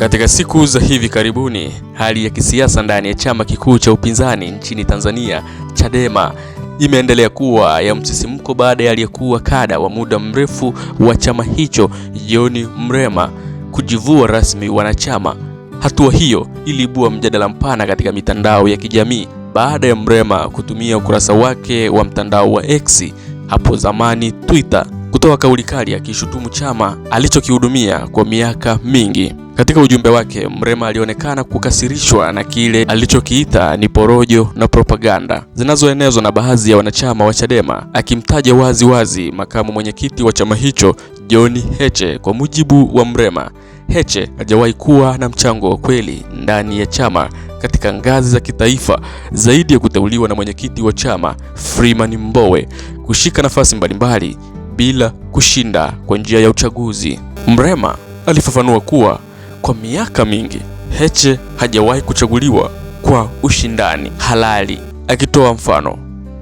Katika siku za hivi karibuni, hali ya kisiasa ndani ya chama kikuu cha upinzani nchini Tanzania Chadema imeendelea kuwa ya msisimko baada ya aliyekuwa kada wa muda mrefu wa chama hicho John Mrema kujivua rasmi wanachama. Hatua hiyo ilibua mjadala mpana katika mitandao ya kijamii baada ya Mrema kutumia ukurasa wake wa mtandao wa X hapo zamani Twitter kutoa kauli kali akishutumu chama alichokihudumia kwa miaka mingi. Katika ujumbe wake, Mrema alionekana kukasirishwa na kile alichokiita ni porojo na propaganda zinazoenezwa na baadhi ya wanachama wa Chadema, akimtaja wazi wazi makamu mwenyekiti wa chama hicho John Heche. Kwa mujibu wa Mrema, Heche hajawahi kuwa na mchango wa kweli ndani ya chama katika ngazi za kitaifa zaidi ya kuteuliwa na mwenyekiti wa chama Freeman Mbowe kushika nafasi mbalimbali bila kushinda kwa njia ya uchaguzi. Mrema alifafanua kuwa kwa miaka mingi Heche hajawahi kuchaguliwa kwa ushindani halali, akitoa mfano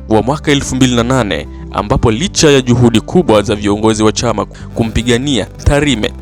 wa mwaka 2008 ambapo licha ya juhudi kubwa za viongozi wa chama kumpigania Tarime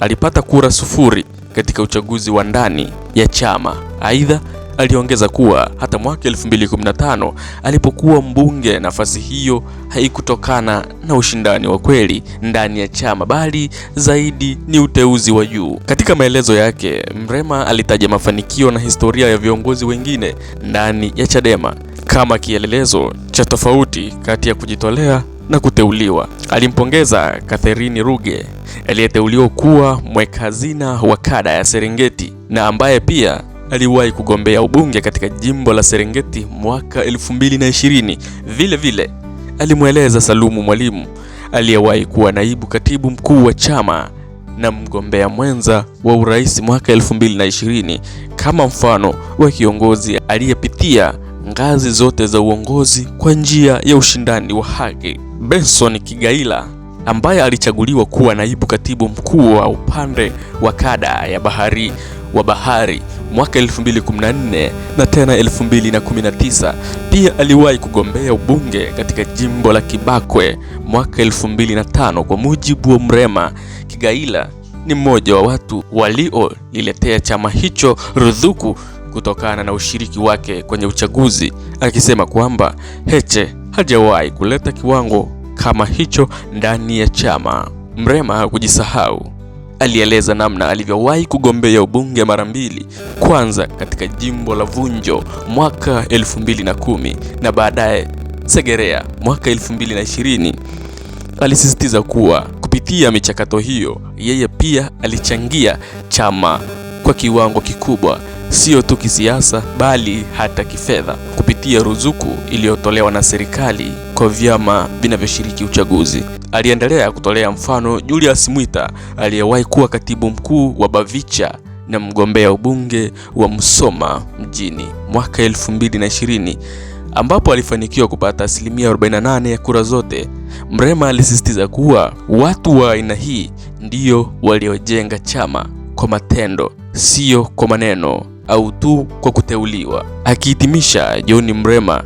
alipata kura sufuri katika uchaguzi wa ndani ya chama. Aidha, aliongeza kuwa hata mwaka 2015 alipokuwa mbunge, nafasi hiyo haikutokana na ushindani wa kweli ndani ya chama, bali zaidi ni uteuzi wa juu. Katika maelezo yake, Mrema alitaja mafanikio na historia ya viongozi wengine ndani ya Chadema kama kielelezo cha tofauti kati ya kujitolea na kuteuliwa. Alimpongeza Catherine Ruge aliyeteuliwa kuwa mweka hazina wa kada ya Serengeti na ambaye pia aliwahi kugombea ubunge katika jimbo la Serengeti mwaka 2020. Vile vile alimweleza Salumu Mwalimu aliyewahi kuwa naibu katibu mkuu wa chama na mgombea mwenza wa urais mwaka 2020 kama mfano wa kiongozi aliyepitia ngazi zote za uongozi kwa njia ya ushindani wa haki. Benson Kigaila ambaye alichaguliwa kuwa naibu katibu mkuu wa upande wa kada ya bahari wa bahari mwaka 2014 na tena 2019. Pia aliwahi kugombea ubunge katika jimbo la Kibakwe mwaka 2005. Kwa mujibu wa Mrema, Kigaila ni mmoja wa watu walioliletea chama hicho ruzuku kutokana na ushiriki wake kwenye uchaguzi, akisema kwamba Heche hajawahi kuleta kiwango kama hicho ndani ya chama. Mrema hakujisahau alieleza namna alivyowahi kugombea ubunge mara mbili, kwanza katika jimbo la Vunjo mwaka 2010 na baadaye Segerea mwaka 2020. Alisisitiza kuwa kupitia michakato hiyo yeye pia alichangia chama kwa kiwango kikubwa sio tu kisiasa, bali hata kifedha kupitia ruzuku iliyotolewa na serikali kwa vyama vinavyoshiriki uchaguzi. Aliendelea kutolea mfano Julius Mwita aliyewahi kuwa katibu mkuu wa Bavicha na mgombea ubunge wa Msoma mjini mwaka 2020 ambapo alifanikiwa kupata asilimia 48 ya kura zote. Mrema alisisitiza kuwa watu wa aina hii ndio waliojenga chama kwa matendo, sio kwa maneno au tu kwa kuteuliwa. Akihitimisha, John Mrema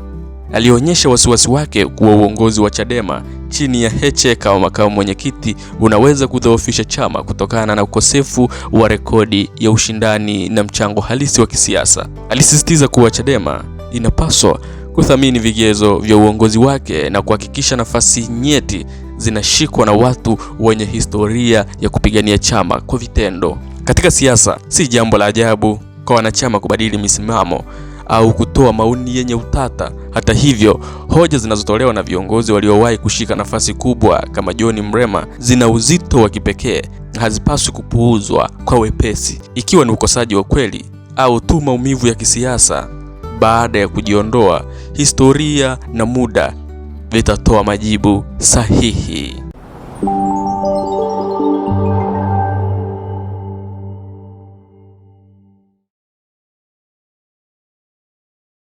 alionyesha wasiwasi wake kuwa uongozi wa Chadema chini ya Heche kama makamu mwenyekiti unaweza kudhoofisha chama kutokana na ukosefu wa rekodi ya ushindani na mchango halisi wa kisiasa. Alisisitiza kuwa Chadema inapaswa kuthamini vigezo vya uongozi wake na kuhakikisha nafasi nyeti zinashikwa na watu wenye historia ya kupigania chama kwa vitendo. Katika siasa si jambo la ajabu kwa wanachama kubadili misimamo au kutoa maoni yenye utata. Hata hivyo, hoja zinazotolewa na viongozi waliowahi kushika nafasi kubwa kama John Mrema zina uzito wa kipekee, hazipaswi kupuuzwa kwa wepesi, ikiwa ni ukosaji wa kweli au tu maumivu ya kisiasa. Baada ya kujiondoa, historia na muda vitatoa majibu sahihi.